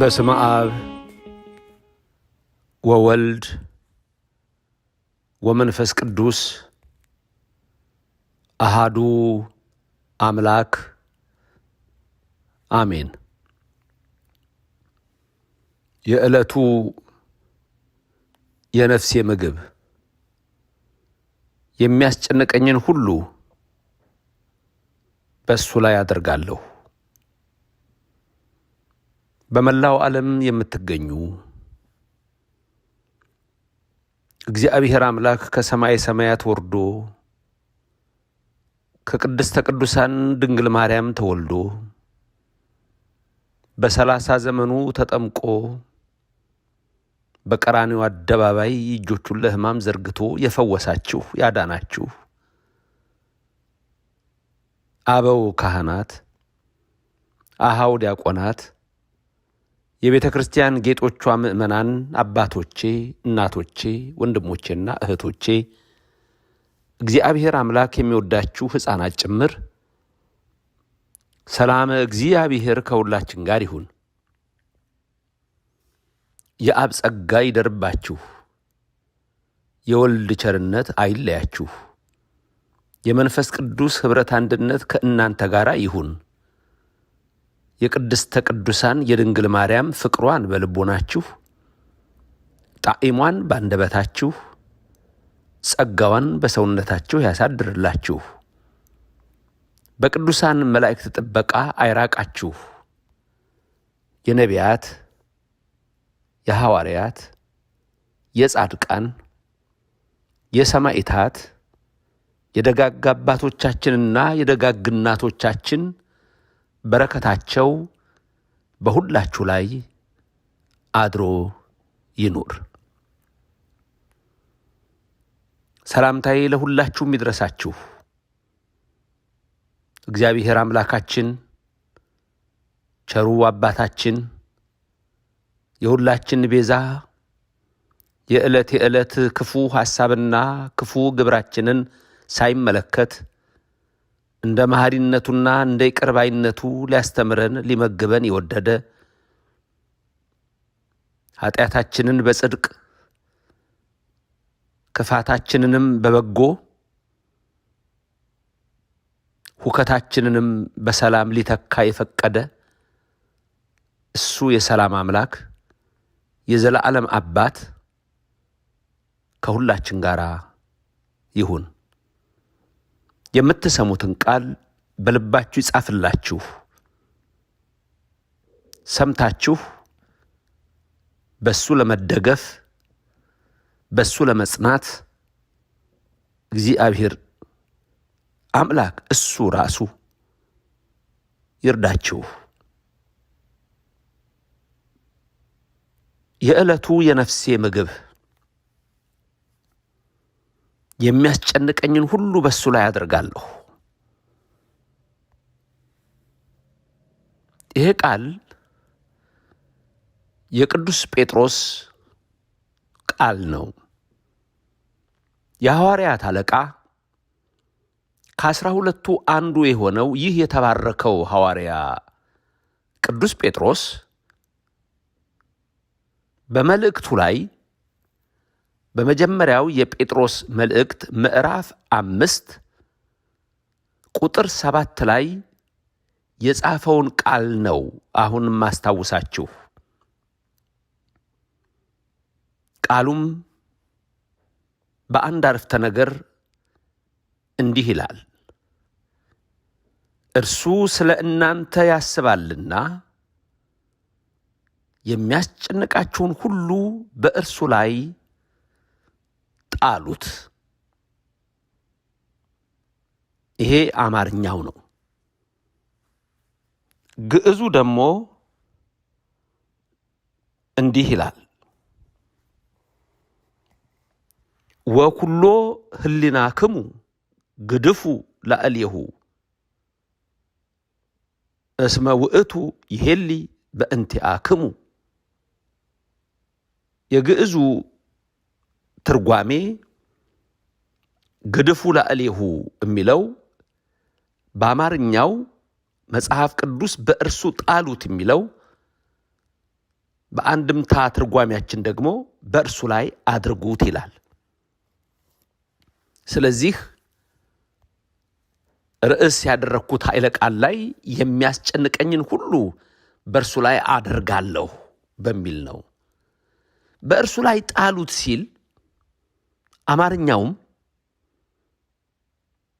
በስመ አብ ወወልድ ወመንፈስ ቅዱስ አሃዱ አምላክ አሜን። የዕለቱ የነፍሴ ምግብ የሚያስጨንቀኝን ሁሉ በእሱ ላይ አደርጋለሁ። በመላው ዓለም የምትገኙ እግዚአብሔር አምላክ ከሰማይ ሰማያት ወርዶ ከቅድስተ ቅዱሳን ድንግል ማርያም ተወልዶ በሰላሳ ዘመኑ ተጠምቆ በቀራኒው አደባባይ እጆቹን ለሕማም ዘርግቶ የፈወሳችሁ ያዳናችሁ አበው ካህናት፣ አሃው ዲያቆናት የቤተ ክርስቲያን ጌጦቿ ምእመናን አባቶቼ፣ እናቶቼ፣ ወንድሞቼና እህቶቼ እግዚአብሔር አምላክ የሚወዳችሁ ሕፃናት ጭምር ሰላም እግዚአብሔር ከሁላችን ጋር ይሁን። የአብ ጸጋ ይደርባችሁ፣ የወልድ ቸርነት አይለያችሁ፣ የመንፈስ ቅዱስ ኅብረት አንድነት ከእናንተ ጋር ይሁን። የቅድስተ ቅዱሳን የድንግል ማርያም ፍቅሯን በልቦናችሁ ጣዕሟን ባንደበታችሁ ጸጋዋን በሰውነታችሁ ያሳድርላችሁ። በቅዱሳን መላእክት ጥበቃ አይራቃችሁ። የነቢያት፣ የሐዋርያት፣ የጻድቃን፣ የሰማዕታት፣ የደጋግ አባቶቻችንና የደጋግ እናቶቻችን በረከታቸው በሁላችሁ ላይ አድሮ ይኑር። ሰላምታዬ ለሁላችሁም ይድረሳችሁ። እግዚአብሔር አምላካችን ቸሩ አባታችን የሁላችን ቤዛ የዕለት የዕለት ክፉ ሐሳብና ክፉ ግብራችንን ሳይመለከት እንደ መሐሪነቱና እንደ ይቅርባይነቱ ሊያስተምረን ሊመግበን የወደደ ኃጢአታችንን በጽድቅ ክፋታችንንም በበጎ ሁከታችንንም በሰላም ሊተካ የፈቀደ እሱ የሰላም አምላክ የዘላለም አባት ከሁላችን ጋር ይሁን። የምትሰሙትን ቃል በልባችሁ ይጻፍላችሁ። ሰምታችሁ በሱ ለመደገፍ በሱ ለመጽናት እግዚአብሔር አምላክ እሱ ራሱ ይርዳችሁ። የዕለቱ የነፍሴ ምግብ የሚያስጨንቀኝን ሁሉ በሱ ላይ አደርጋለሁ። ይሄ ቃል የቅዱስ ጴጥሮስ ቃል ነው። የሐዋርያት አለቃ ከአስራ ሁለቱ አንዱ የሆነው ይህ የተባረከው ሐዋርያ ቅዱስ ጴጥሮስ በመልእክቱ ላይ በመጀመሪያው የጴጥሮስ መልእክት ምዕራፍ አምስት ቁጥር ሰባት ላይ የጻፈውን ቃል ነው አሁን ማስታውሳችሁ። ቃሉም በአንድ አረፍተ ነገር እንዲህ ይላል፣ እርሱ ስለ እናንተ ያስባልና የሚያስጨንቃችሁን ሁሉ በእርሱ ላይ አሉት። ይሄ አማርኛው ነው። ግዕዙ ደግሞ እንዲህ ይላል ወኩሎ ክሙ ግድፉ ላዕሌሁ እስመ ውእቱ ይሄሊ በእንቲአክሙ የግዕዙ ትርጓሜ ግድፉ ላዕሌሁ የሚለው በአማርኛው መጽሐፍ ቅዱስ በእርሱ ጣሉት የሚለው በአንድምታ ትርጓሜያችን ደግሞ በእርሱ ላይ አድርጉት ይላል። ስለዚህ ርዕስ ያደረግኩት ኃይለ ቃል ላይ የሚያስጨንቀኝን ሁሉ በእርሱ ላይ አደርጋለሁ በሚል ነው። በእርሱ ላይ ጣሉት ሲል አማርኛውም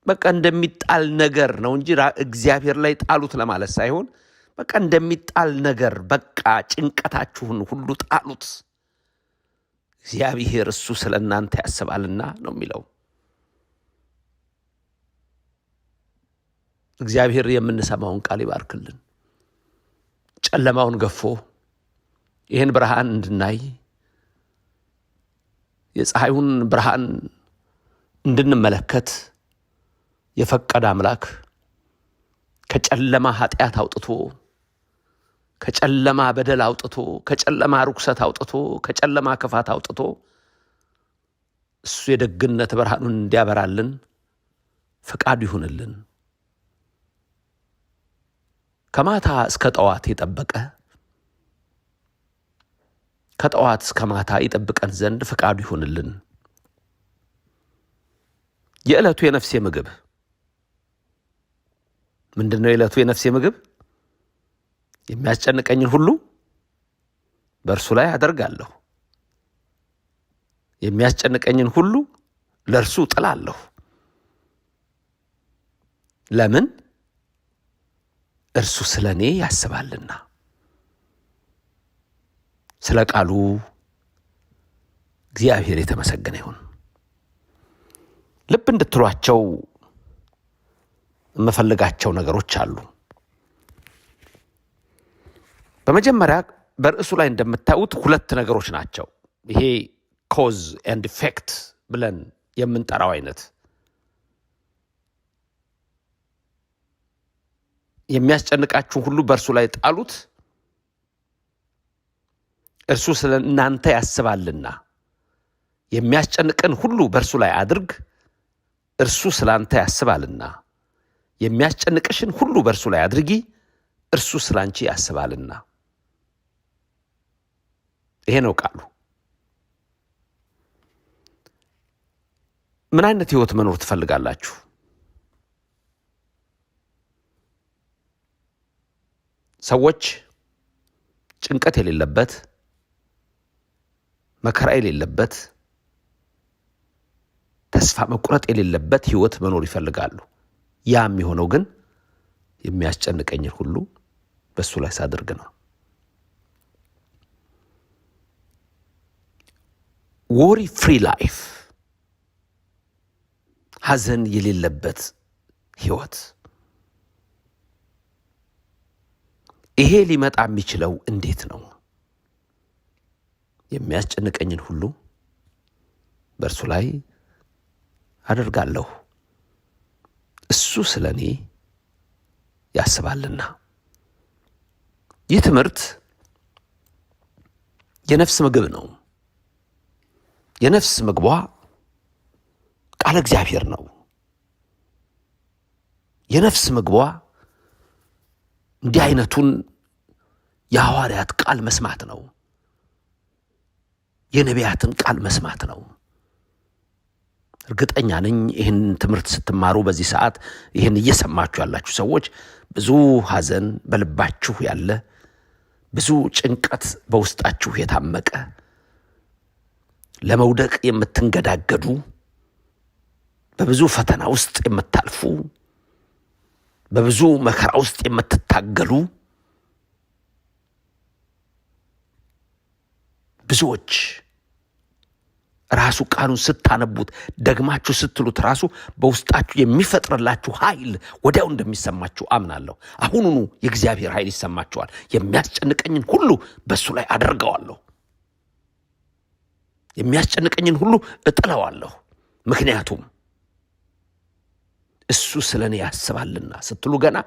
በቃ እንደሚጣል ነገር ነው እንጂ እግዚአብሔር ላይ ጣሉት ለማለት ሳይሆን በቃ እንደሚጣል ነገር በቃ ጭንቀታችሁን ሁሉ ጣሉት፣ እግዚአብሔር እሱ ስለ እናንተ ያስባልና ነው የሚለው። እግዚአብሔር የምንሰማውን ቃል ይባርክልን። ጨለማውን ገፎ ይህን ብርሃን እንድናይ የፀሐዩን ብርሃን እንድንመለከት የፈቀደ አምላክ ከጨለማ ኃጢአት አውጥቶ ከጨለማ በደል አውጥቶ ከጨለማ ርኩሰት አውጥቶ ከጨለማ ክፋት አውጥቶ እሱ የደግነት ብርሃኑን እንዲያበራልን ፈቃዱ ይሁንልን። ከማታ እስከ ጠዋት የጠበቀ ከጠዋት እስከ ማታ ይጠብቀን ዘንድ ፈቃዱ ይሁንልን። የዕለቱ የነፍሴ ምግብ ምንድን ነው? የዕለቱ የነፍሴ ምግብ የሚያስጨንቀኝን ሁሉ በእርሱ ላይ አደርጋለሁ። የሚያስጨንቀኝን ሁሉ ለእርሱ ጥላለሁ። ለምን? እርሱ ስለ እኔ ያስባልና። ስለ ቃሉ እግዚአብሔር የተመሰገነ ይሁን። ልብ እንድትሏቸው የምፈልጋቸው ነገሮች አሉ። በመጀመሪያ በርዕሱ ላይ እንደምታዩት ሁለት ነገሮች ናቸው። ይሄ ኮዝ ኤንድ ፌክት ብለን የምንጠራው አይነት የሚያስጨንቃችሁን ሁሉ በእርሱ ላይ ጣሉት እርሱ ስለ እናንተ ያስባልና የሚያስጨንቅን ሁሉ በእርሱ ላይ አድርግ፣ እርሱ ስለ አንተ ያስባልና የሚያስጨንቅሽን ሁሉ በእርሱ ላይ አድርጊ፣ እርሱ ስለ አንቺ ያስባልና። ይሄ ነው ቃሉ። ምን አይነት ህይወት መኖር ትፈልጋላችሁ? ሰዎች ጭንቀት የሌለበት መከራ የሌለበት ተስፋ መቁረጥ የሌለበት ህይወት መኖር ይፈልጋሉ። ያ የሚሆነው ግን የሚያስጨንቀኝን ሁሉ በእሱ ላይ ሳድርግ ነው። ወሪ ፍሪ ላይፍ ሀዘን የሌለበት ህይወት። ይሄ ሊመጣ የሚችለው እንዴት ነው? የሚያስጨንቀኝን ሁሉ በእርሱ ላይ አደርጋለሁ፣ እሱ ስለ እኔ ያስባልና። ይህ ትምህርት የነፍስ ምግብ ነው። የነፍስ ምግቧ ቃለ እግዚአብሔር ነው። የነፍስ ምግቧ እንዲህ አይነቱን የሐዋርያት ቃል መስማት ነው። የነቢያትን ቃል መስማት ነው። እርግጠኛ ነኝ ይህን ትምህርት ስትማሩ በዚህ ሰዓት ይህን እየሰማችሁ ያላችሁ ሰዎች ብዙ ሐዘን በልባችሁ ያለ፣ ብዙ ጭንቀት በውስጣችሁ የታመቀ፣ ለመውደቅ የምትንገዳገዱ፣ በብዙ ፈተና ውስጥ የምታልፉ፣ በብዙ መከራ ውስጥ የምትታገሉ ብዙዎች ራሱ ቃሉን ስታነቡት ደግማችሁ ስትሉት ራሱ በውስጣችሁ የሚፈጥርላችሁ ኃይል ወዲያው እንደሚሰማችሁ አምናለሁ። አሁኑኑ የእግዚአብሔር ኃይል ይሰማችኋል። የሚያስጨንቀኝን ሁሉ በእሱ ላይ አደርገዋለሁ። የሚያስጨንቀኝን ሁሉ እጥለዋለሁ፣ ምክንያቱም እሱ ስለ እኔ ያስባልና ስትሉ ገና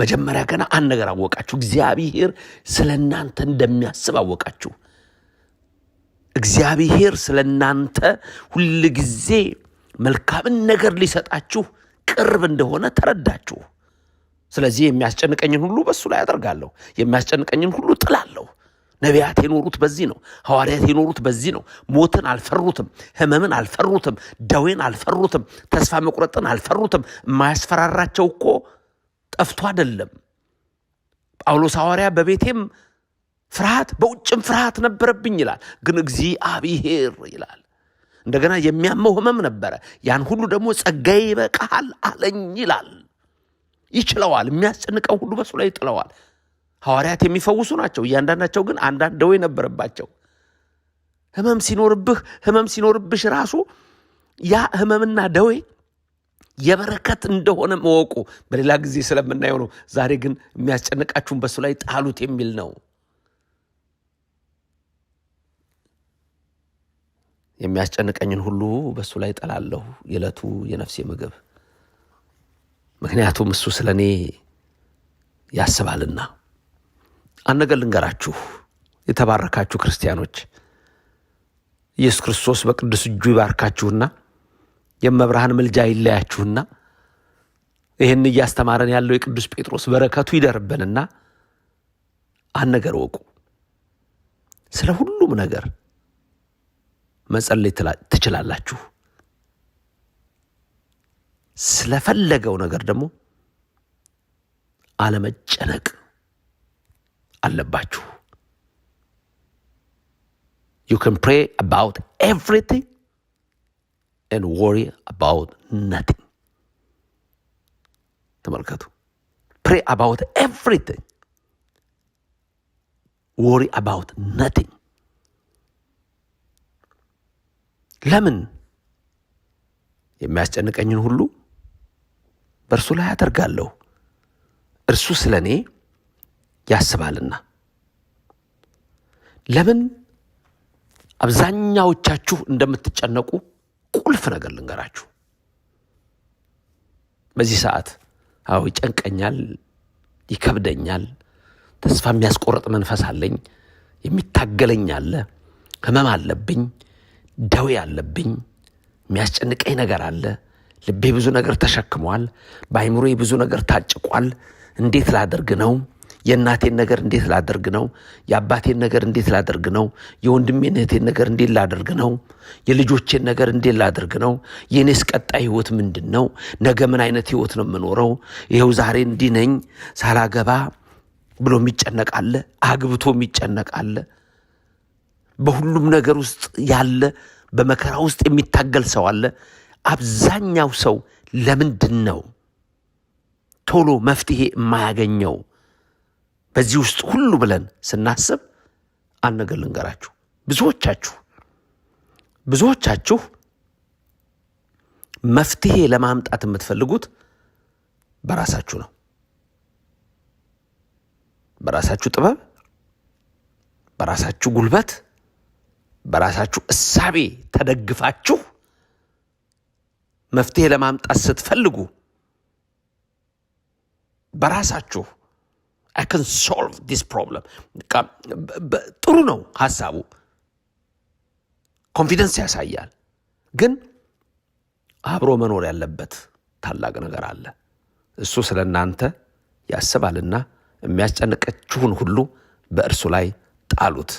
መጀመሪያ ገና አንድ ነገር አወቃችሁ። እግዚአብሔር ስለ እናንተ እንደሚያስብ አወቃችሁ። እግዚአብሔር ስለ እናንተ ሁል ጊዜ መልካምን ነገር ሊሰጣችሁ ቅርብ እንደሆነ ተረዳችሁ። ስለዚህ የሚያስጨንቀኝን ሁሉ በእሱ ላይ አደርጋለሁ፣ የሚያስጨንቀኝን ሁሉ ጥላለሁ። ነቢያት የኖሩት በዚህ ነው። ሐዋርያት የኖሩት በዚህ ነው። ሞትን አልፈሩትም፣ ሕመምን አልፈሩትም፣ ደዌን አልፈሩትም፣ ተስፋ መቁረጥን አልፈሩትም። የማያስፈራራቸው እኮ ጠፍቶ አይደለም። ጳውሎስ ሐዋርያ በቤቴም ፍርሃት በውጭም ፍርሃት ነበረብኝ ይላል። ግን እግዚአብሔር ይላል እንደገና የሚያመው ህመም ነበረ። ያን ሁሉ ደግሞ ጸጋዬ ይበቃሃል አለኝ ይላል። ይችለዋል። የሚያስጨንቀው ሁሉ በሱ ላይ ጥለዋል ሐዋርያት የሚፈውሱ ናቸው። እያንዳንዳቸው ግን አንዳንድ ደዌ ነበረባቸው። ህመም ሲኖርብህ ህመም ሲኖርብሽ ራሱ ያ ህመምና ደዌ የበረከት እንደሆነ መወቁ በሌላ ጊዜ ስለምናየው ነው። ዛሬ ግን የሚያስጨንቃችሁን በሱ ላይ ጣሉት የሚል ነው። የሚያስጨንቀኝን ሁሉ በእሱ ላይ ጠላለሁ፣ የዕለቱ የነፍሴ ምግብ። ምክንያቱም እሱ ስለ እኔ ያስባልና። አንድ ነገር ልንገራችሁ የተባረካችሁ ክርስቲያኖች፣ ኢየሱስ ክርስቶስ በቅዱስ እጁ ይባርካችሁና የመብርሃን ምልጃ ይለያችሁና ይህን እያስተማረን ያለው የቅዱስ ጴጥሮስ በረከቱ ይደርብንና አንድ ነገር ወቁ ስለ ሁሉም ነገር መጸለይ ትችላላችሁ። ስለፈለገው ነገር ደግሞ አለመጨነቅ አለባችሁ። ዩ ካን ፕሬ አባውት ኤቭሪቲንግ ኤንድ ወሪ አባውት ነቲንግ። ተመልከቱ። ፕሬ አባውት ኤቭሪቲንግ ወሪ አባውት ነቲንግ ለምን የሚያስጨንቀኝን ሁሉ በእርሱ ላይ አደርጋለሁ እርሱ ስለ እኔ ያስባልና ለምን አብዛኛዎቻችሁ እንደምትጨነቁ ቁልፍ ነገር ልንገራችሁ በዚህ ሰዓት አዎ ይጨንቀኛል ይከብደኛል ተስፋ የሚያስቆርጥ መንፈስ አለኝ የሚታገለኝ አለ ህመም አለብኝ ደዌ አለብኝ፣ የሚያስጨንቀኝ ነገር አለ፣ ልቤ ብዙ ነገር ተሸክሟል፣ በአይምሮዬ ብዙ ነገር ታጭቋል። እንዴት ላደርግ ነው? የእናቴን ነገር እንዴት ላደርግ ነው? የአባቴን ነገር እንዴት ላደርግ ነው? የወንድሜን እህቴን ነገር እንዴት ላደርግ ነው? የልጆቼን ነገር እንዴት ላደርግ ነው? የእኔስ ቀጣይ ህይወት ምንድን ነው? ነገ ምን አይነት ህይወት ነው የምኖረው? ይኸው ዛሬ እንዲህ ነኝ ሳላገባ ብሎ የሚጨነቃለ፣ አግብቶ የሚጨነቃለ በሁሉም ነገር ውስጥ ያለ በመከራ ውስጥ የሚታገል ሰው አለ። አብዛኛው ሰው ለምንድን ነው ቶሎ መፍትሄ የማያገኘው? በዚህ ውስጥ ሁሉ ብለን ስናስብ አንድ ነገር ልንገራችሁ። ብዙዎቻችሁ ብዙዎቻችሁ መፍትሄ ለማምጣት የምትፈልጉት በራሳችሁ ነው። በራሳችሁ ጥበብ፣ በራሳችሁ ጉልበት በራሳችሁ እሳቤ ተደግፋችሁ መፍትሄ ለማምጣት ስትፈልጉ በራሳችሁ አይ ካን ሶልቭ ዲስ ፕሮብለም ጥሩ ነው ሀሳቡ፣ ኮንፊደንስ ያሳያል። ግን አብሮ መኖር ያለበት ታላቅ ነገር አለ። እሱ ስለ እናንተ ያስባልና የሚያስጨንቃችሁን ሁሉ በእርሱ ላይ ጣሉት።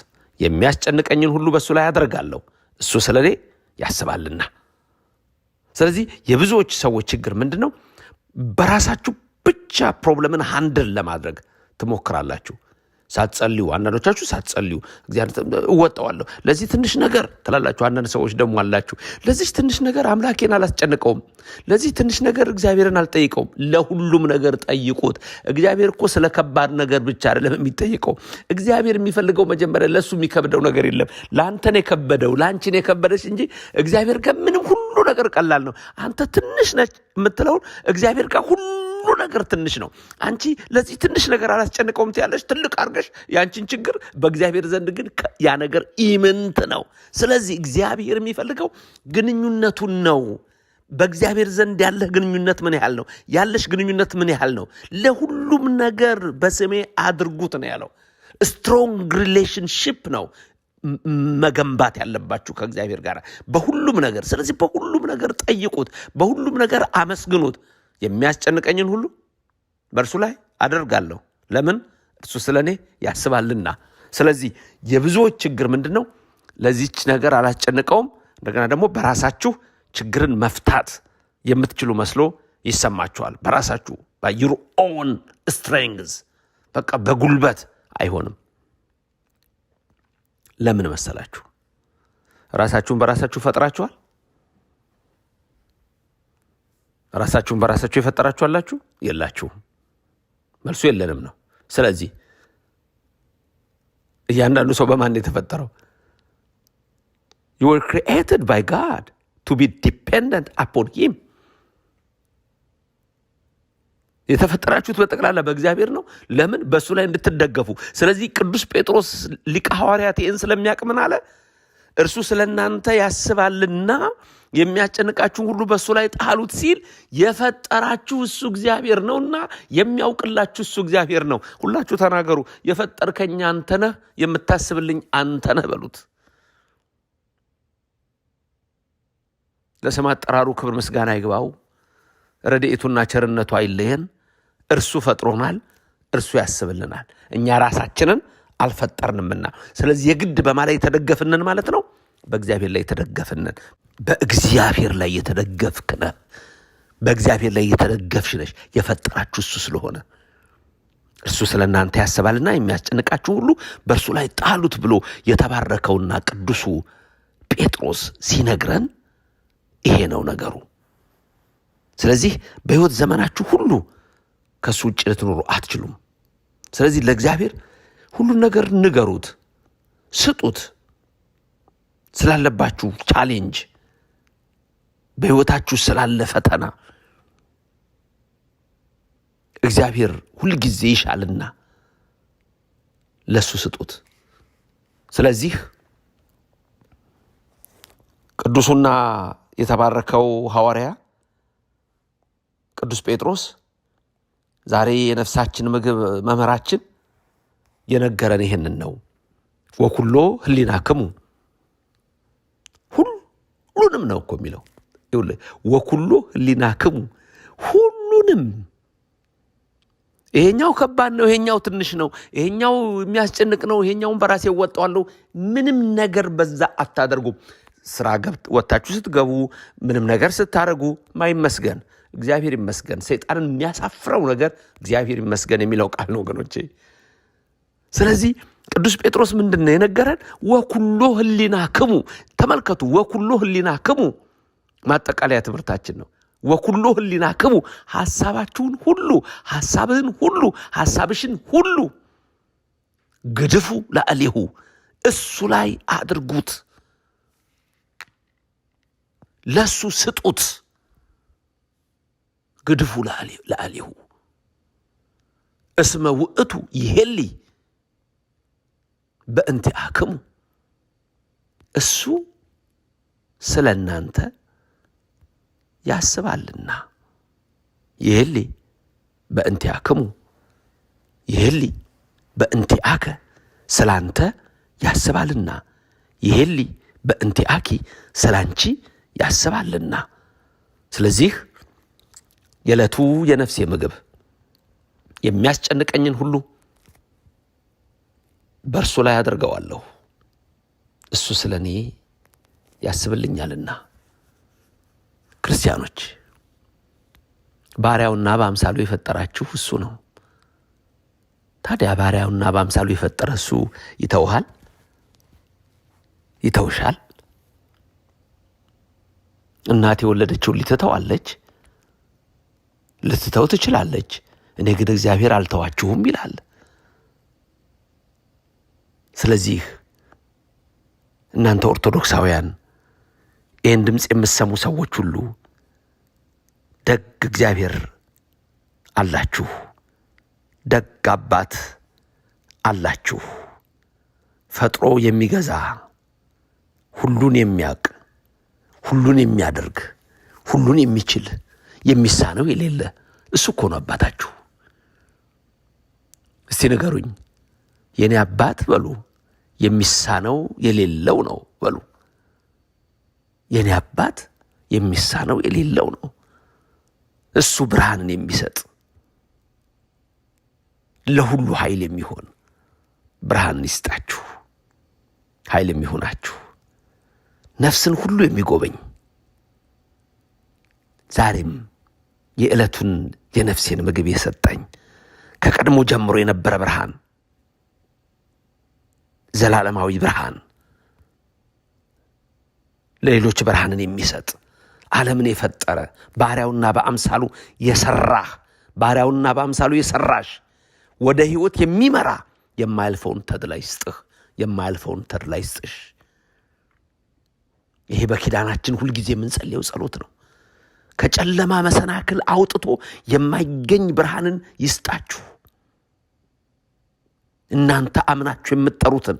የሚያስጨንቀኝን ሁሉ በእሱ ላይ አደርጋለሁ፣ እሱ ስለ እኔ ያስባልና። ስለዚህ የብዙዎች ሰዎች ችግር ምንድን ነው? በራሳችሁ ብቻ ፕሮብለምን ሃንድል ለማድረግ ትሞክራላችሁ። ሳትጸልዩ አንዳንዶቻችሁ ሳትጸልዩ እወጠዋለሁ ለዚህ ትንሽ ነገር ትላላችሁ። አንዳንድ ሰዎች ደግሞ አላችሁ ለዚህ ትንሽ ነገር አምላኬን አላስጨንቀውም፣ ለዚህ ትንሽ ነገር እግዚአብሔርን አልጠይቀውም። ለሁሉም ነገር ጠይቁት። እግዚአብሔር እኮ ስለ ከባድ ነገር ብቻ አይደለም የሚጠይቀው። እግዚአብሔር የሚፈልገው መጀመሪያ ለእሱ የሚከብደው ነገር የለም። ለአንተን የከበደው ለአንቺን የከበደች እንጂ እግዚአብሔር ጋር ምንም ሁሉ ነገር ቀላል ነው። አንተ ትንሽ ነች የምትለውን እግዚአብሔር ጋር ሁሉ ነገር ትንሽ ነው። አንቺ ለዚህ ትንሽ ነገር አላስጨንቀውም ትያለሽ ትልቅ አድርገሽ የአንቺን ችግር። በእግዚአብሔር ዘንድ ግን ያ ነገር ኢምንት ነው። ስለዚህ እግዚአብሔር የሚፈልገው ግንኙነቱን ነው። በእግዚአብሔር ዘንድ ያለህ ግንኙነት ምን ያህል ነው? ያለሽ ግንኙነት ምን ያህል ነው? ለሁሉም ነገር በስሜ አድርጉት ነው ያለው። ስትሮንግ ሪሌሽንሽፕ ነው መገንባት ያለባችሁ ከእግዚአብሔር ጋር በሁሉም ነገር። ስለዚህ በሁሉም ነገር ጠይቁት፣ በሁሉም ነገር አመስግኑት። የሚያስጨንቀኝን ሁሉ በእርሱ ላይ አደርጋለሁ። ለምን? እርሱ ስለ እኔ ያስባልና። ስለዚህ የብዙዎች ችግር ምንድን ነው? ለዚች ነገር አላስጨንቀውም። እንደገና ደግሞ በራሳችሁ ችግርን መፍታት የምትችሉ መስሎ ይሰማችኋል። በራሳችሁ ዩር ኦን ስትሬንግዝ በቃ በጉልበት አይሆንም። ለምን መሰላችሁ? ራሳችሁን በራሳችሁ ፈጥራችኋል። ራሳችሁን በራሳችሁ የፈጠራችሁ አላችሁ? የላችሁም። መልሱ የለንም ነው። ስለዚህ እያንዳንዱ ሰው በማን የተፈጠረው? ዩ ወር ክሪኤትድ ባይ ጋድ ቱ ቢ ዲፔንደንት አፖን ሂም። የተፈጠራችሁት በጠቅላላ በእግዚአብሔር ነው። ለምን? በእሱ ላይ እንድትደገፉ። ስለዚህ ቅዱስ ጴጥሮስ ሊቀ ሐዋርያት ይህን ስለሚያቅምን አለ እርሱ ስለ እናንተ ያስባልና የሚያጨንቃችሁን ሁሉ በእሱ ላይ ጣሉት ሲል የፈጠራችሁ እሱ እግዚአብሔር ነውና የሚያውቅላችሁ እሱ እግዚአብሔር ነው። ሁላችሁ ተናገሩ፣ የፈጠርከኝ አንተ ነህ፣ የምታስብልኝ አንተ ነህ በሉት። ለስም አጠራሩ ክብር ምስጋና ይግባው። ረድኤቱና ቸርነቱ አይለየን። እርሱ ፈጥሮናል፣ እርሱ ያስብልናል። እኛ ራሳችንን አልፈጠርንምና። ስለዚህ የግድ በማ ላይ የተደገፍንን ማለት ነው? በእግዚአብሔር ላይ የተደገፍንን። በእግዚአብሔር ላይ የተደገፍክ ነህ። በእግዚአብሔር ላይ የተደገፍሽ ነሽ። የፈጠራችሁ እሱ ስለሆነ እርሱ ስለ እናንተ ያስባልና የሚያስጨንቃችሁ ሁሉ በእርሱ ላይ ጣሉት ብሎ የተባረከውና ቅዱሱ ጴጥሮስ ሲነግረን ይሄ ነው ነገሩ። ስለዚህ በሕይወት ዘመናችሁ ሁሉ ከእሱ ውጭ ልትኖሩ አትችሉም። ስለዚህ ለእግዚአብሔር ሁሉን ነገር ንገሩት፣ ስጡት። ስላለባችሁ ቻሌንጅ፣ በሕይወታችሁ ስላለ ፈተና እግዚአብሔር ሁልጊዜ ይሻልና ለሱ ስጡት። ስለዚህ ቅዱሱና የተባረከው ሐዋርያ ቅዱስ ጴጥሮስ ዛሬ የነፍሳችን ምግብ መምህራችን የነገረን ይሄንን ነው። ወኩሎ ህሊና ክሙ ሁሉንም ነው እኮ የሚለው ወኩሎ ክሙ ሁሉንም። ይሄኛው ከባድ ነው፣ ይሄኛው ትንሽ ነው፣ ይሄኛው የሚያስጨንቅ ነው፣ ይሄኛውን በራሴ እወጣዋለሁ። ምንም ነገር በዛ አታደርጉም። ስራ ወታችሁ ስትገቡ ምንም ነገር ስታደርጉ ማይመስገን እግዚአብሔር ይመስገን። ሰይጣንን የሚያሳፍረው ነገር እግዚአብሔር ይመስገን የሚለው ቃል ነው ወገኖቼ። ስለዚህ ቅዱስ ጴጥሮስ ምንድን ነው የነገረን? ወኩሎ ህሊና ክሙ ተመልከቱ። ወኩሎ ህሊና ክሙ ማጠቃለያ ትምህርታችን ነው። ወኩሎ ህሊና ክሙ ሐሳባችሁን ሁሉ ሐሳብህን ሁሉ ሐሳብሽን ሁሉ ግድፉ ለአሊሁ እሱ ላይ አድርጉት፣ ለሱ ስጡት። ግድፉ ለአሊሁ እስመ ውእቱ ይሄልይ በእንቴ አክሙ እሱ ስለ እናንተ ያስባልና ይህሊ በእንቴ አክሙ ይህሊ በእንቴ አከ ስላንተ ያስባልና ይሄሊ በእንቲ አኪ ስላንቺ ያስባልና። ስለዚህ የዕለቱ የነፍሴ ምግብ የሚያስጨንቀኝን ሁሉ በእርሱ ላይ አድርገዋለሁ እሱ ስለ እኔ ያስብልኛልና። ክርስቲያኖች ባሪያውና በአምሳሉ የፈጠራችሁ እሱ ነው። ታዲያ ባሪያውና በአምሳሉ የፈጠረ እሱ ይተውሃል? ይተውሻል? እናት የወለደችውን ልትተዋለች፣ ልትተው ትችላለች። እኔ ግን እግዚአብሔር አልተዋችሁም ይላል። ስለዚህ እናንተ ኦርቶዶክሳውያን ይህን ድምፅ የምትሰሙ ሰዎች ሁሉ ደግ እግዚአብሔር አላችሁ፣ ደግ አባት አላችሁ። ፈጥሮ የሚገዛ ሁሉን የሚያውቅ ሁሉን የሚያደርግ ሁሉን የሚችል የሚሳነው የሌለ እሱ እኮ ነው አባታችሁ። እስቲ ንገሩኝ የእኔ አባት በሉ። የሚሳነው የሌለው ነው። በሉ የኔ አባት የሚሳነው የሌለው ነው። እሱ ብርሃንን የሚሰጥ ለሁሉ ኃይል የሚሆን ብርሃንን ይስጣችሁ፣ ኃይል የሚሆናችሁ ነፍስን ሁሉ የሚጎበኝ ዛሬም የዕለቱን የነፍሴን ምግብ የሰጠኝ ከቀድሞ ጀምሮ የነበረ ብርሃን ዘላለማዊ ብርሃን ለሌሎች ብርሃንን የሚሰጥ ዓለምን የፈጠረ ባሪያውና በአምሳሉ የሰራህ ባሪያውና በአምሳሉ የሰራሽ ወደ ሕይወት የሚመራ የማያልፈውን ተድላ ይስጥህ፣ የማያልፈውን ተድላ ይስጥሽ። ይሄ በኪዳናችን ሁልጊዜ የምንጸልየው ጸሎት ነው። ከጨለማ መሰናክል አውጥቶ የማይገኝ ብርሃንን ይስጣችሁ። እናንተ አምናችሁ የምትጠሩትን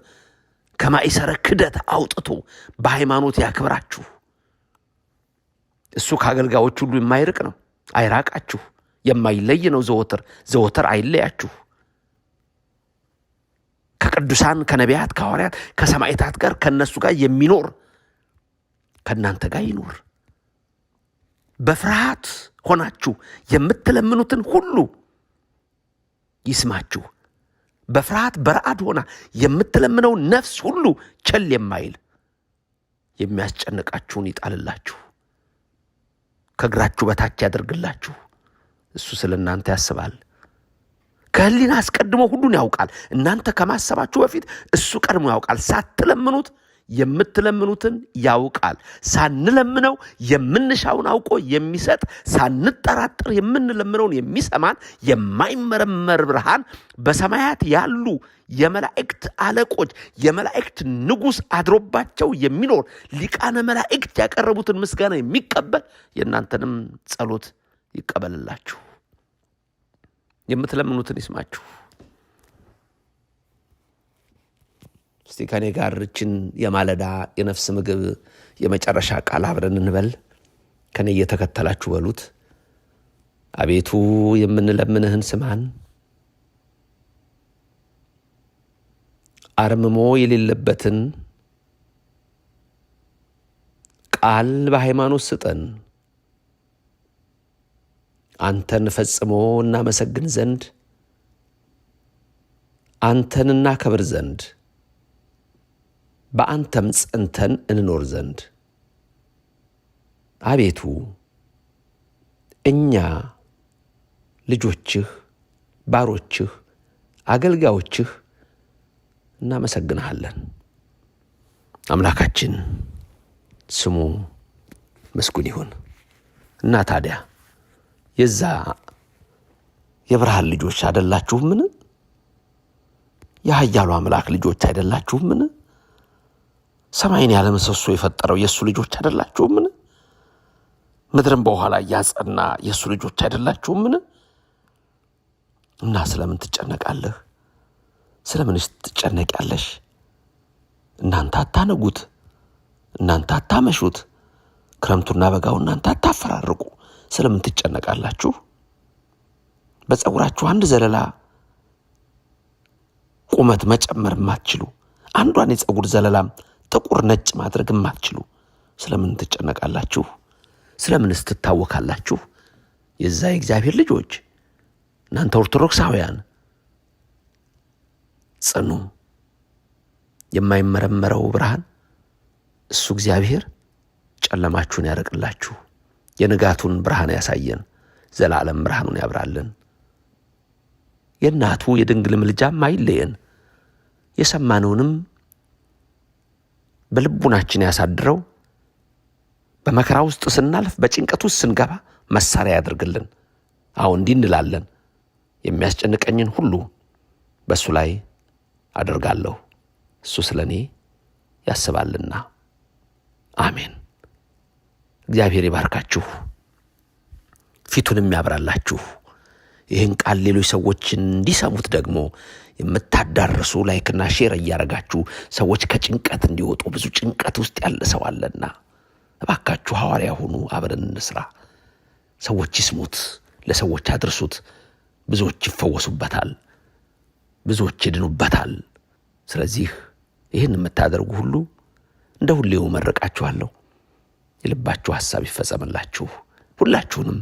ከማይሰረ ክደት አውጥቶ በሃይማኖት ያክብራችሁ። እሱ ከአገልጋዮች ሁሉ የማይርቅ ነው። አይራቃችሁ፣ የማይለይ ነው። ዘወትር ዘወትር አይለያችሁ። ከቅዱሳን ከነቢያት፣ ከሐዋርያት፣ ከሰማዕታት ጋር ከእነሱ ጋር የሚኖር ከእናንተ ጋር ይኖር። በፍርሃት ሆናችሁ የምትለምኑትን ሁሉ ይስማችሁ። በፍርሃት በረአድ ሆና የምትለምነው ነፍስ ሁሉ ቸል የማይል የሚያስጨንቃችሁን ይጣልላችሁ፣ ከእግራችሁ በታች ያደርግላችሁ። እሱ ስለ እናንተ ያስባል። ከህሊን አስቀድሞ ሁሉን ያውቃል። እናንተ ከማሰባችሁ በፊት እሱ ቀድሞ ያውቃል። ሳትለምኑት የምትለምኑትን ያውቃል። ሳንለምነው የምንሻውን አውቆ የሚሰጥ ሳንጠራጠር የምንለምነውን የሚሰማን የማይመረመር ብርሃን በሰማያት ያሉ የመላእክት አለቆች የመላእክት ንጉሥ አድሮባቸው የሚኖር ሊቃነ መላእክት ያቀረቡትን ምስጋና የሚቀበል የእናንተንም ጸሎት ይቀበልላችሁ። የምትለምኑትን ይስማችሁ። እስቲ ከኔ ጋር ርችን የማለዳ የነፍስ ምግብ የመጨረሻ ቃል አብረን እንበል። ከኔ እየተከተላችሁ በሉት። አቤቱ የምንለምንህን ስማን፣ አርምሞ የሌለበትን ቃል በሃይማኖት ስጠን። አንተን ፈጽሞ እናመሰግን ዘንድ አንተን እናከብር ዘንድ በአንተም ጸንተን እንኖር ዘንድ አቤቱ እኛ ልጆችህ፣ ባሮችህ፣ አገልጋዮችህ እናመሰግንሃለን። አምላካችን ስሙ ምስጉን ይሁን እና ታዲያ የዛ የብርሃን ልጆች አይደላችሁምን? የኃያሉ አምላክ ልጆች አይደላችሁምን? ሰማይን ያለምሰሶ የፈጠረው የእሱ ልጆች አይደላችሁምን? ምድርን በኋላ እያጸና የእሱ ልጆች አይደላችሁምን? እና ስለምን ትጨነቃለህ? ስለምንስ ትጨነቂያለሽ? እናንተ አታነጉት፣ እናንተ አታመሹት፣ ክረምቱና በጋው እናንተ አታፈራርቁ። ስለምን ትጨነቃላችሁ? በፀጉራችሁ አንድ ዘለላ ቁመት መጨመር የማትችሉ አንዷን የፀጉር ዘለላም ጥቁር ነጭ ማድረግ ማትችሉ ስለምን ትጨነቃላችሁ? ስለምንስ ትታወካላችሁ? የዛ የእግዚአብሔር ልጆች እናንተ ኦርቶዶክሳውያን ጽኑ። የማይመረመረው ብርሃን እሱ እግዚአብሔር ጨለማችሁን ያርቅላችሁ፣ የንጋቱን ብርሃን ያሳየን፣ ዘላለም ብርሃኑን ያብራልን። የእናቱ የድንግል ምልጃም አይለየን፣ የሰማነውንም በልቡናችን ያሳድረው። በመከራ ውስጥ ስናልፍ፣ በጭንቀት ውስጥ ስንገባ መሳሪያ ያድርግልን። አሁን እንዲህ እንላለን፣ የሚያስጨንቀኝን ሁሉ በእሱ ላይ አደርጋለሁ፣ እሱ ስለ እኔ ያስባልና። አሜን። እግዚአብሔር ይባርካችሁ፣ ፊቱንም ያብራላችሁ። ይህን ቃል ሌሎች ሰዎች እንዲሰሙት ደግሞ የምታዳርሱ ላይክና ሼር እያደረጋችሁ ሰዎች ከጭንቀት እንዲወጡ ብዙ ጭንቀት ውስጥ ያለ ሰው አለና እባካችሁ ሐዋርያ ሁኑ። አብረን እንስራ። ሰዎች ይስሙት፣ ለሰዎች አድርሱት። ብዙዎች ይፈወሱበታል፣ ብዙዎች ይድኑበታል። ስለዚህ ይህን የምታደርጉ ሁሉ እንደ ሁሌው መርቃችኋለሁ። የልባችሁ ሐሳብ ይፈጸምላችሁ። ሁላችሁንም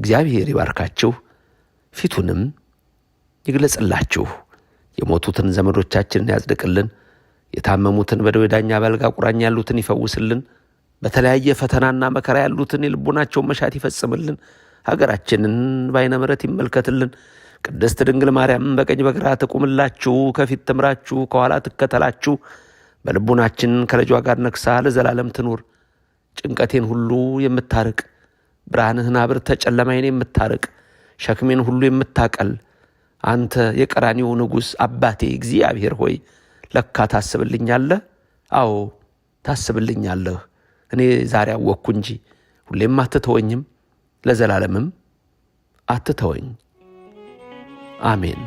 እግዚአብሔር ይባርካችሁ። ፊቱንም ይግለጽላችሁ። የሞቱትን ዘመዶቻችንን ያጽድቅልን። የታመሙትን በደዌ ዳኛ በአልጋ ቁራኛ ያሉትን ይፈውስልን። በተለያየ ፈተናና መከራ ያሉትን የልቦናቸውን መሻት ይፈጽምልን። ሀገራችንን በዓይነ ምሕረት ይመልከትልን። ቅድስት ድንግል ማርያም በቀኝ በግራ ትቁምላችሁ፣ ከፊት ትምራችሁ፣ ከኋላ ትከተላችሁ። በልቡናችን ከልጇ ጋር ነግሳ ለዘላለም ትኑር። ጭንቀቴን ሁሉ የምታርቅ ብርሃንህን አብርተ ጨለማዬን የምታርቅ ሸክሜን ሁሉ የምታቀል አንተ የቀራኒው ንጉሥ አባቴ እግዚአብሔር ሆይ ለካ ታስብልኛለህ። አዎ ታስብልኛለህ። እኔ ዛሬ አወቅኩ እንጂ ሁሌም አትተወኝም፣ ለዘላለምም አትተወኝ። አሜን።